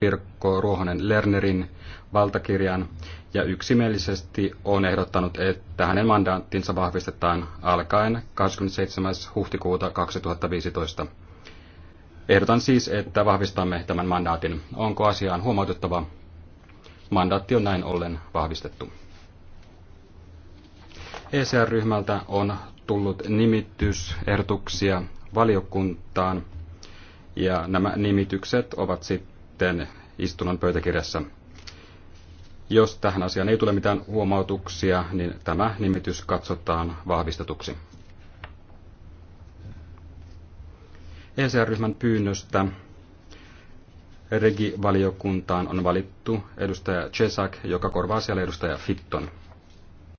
Pirkko Ruohonen Lernerin valtakirjan ja yksimielisesti on ehdottanut, että hänen mandaattinsa vahvistetaan alkaen 27. huhtikuuta 2015. Ehdotan siis, että vahvistamme tämän mandaatin. Onko asiaan huomautettava? Mandaatti on näin ollen vahvistettu. ECR-ryhmältä on tullut nimitysehdotuksia valiokuntaan ja nämä nimitykset ovat sitten sitten istunnon pöytäkirjassa. Jos tähän asiaan ei tule mitään huomautuksia, niin tämä nimitys katsotaan vahvistetuksi. ECR-ryhmän pyynnöstä regivaliokuntaan on valittu edustaja Chesak, joka korvaa siellä edustaja Fitton.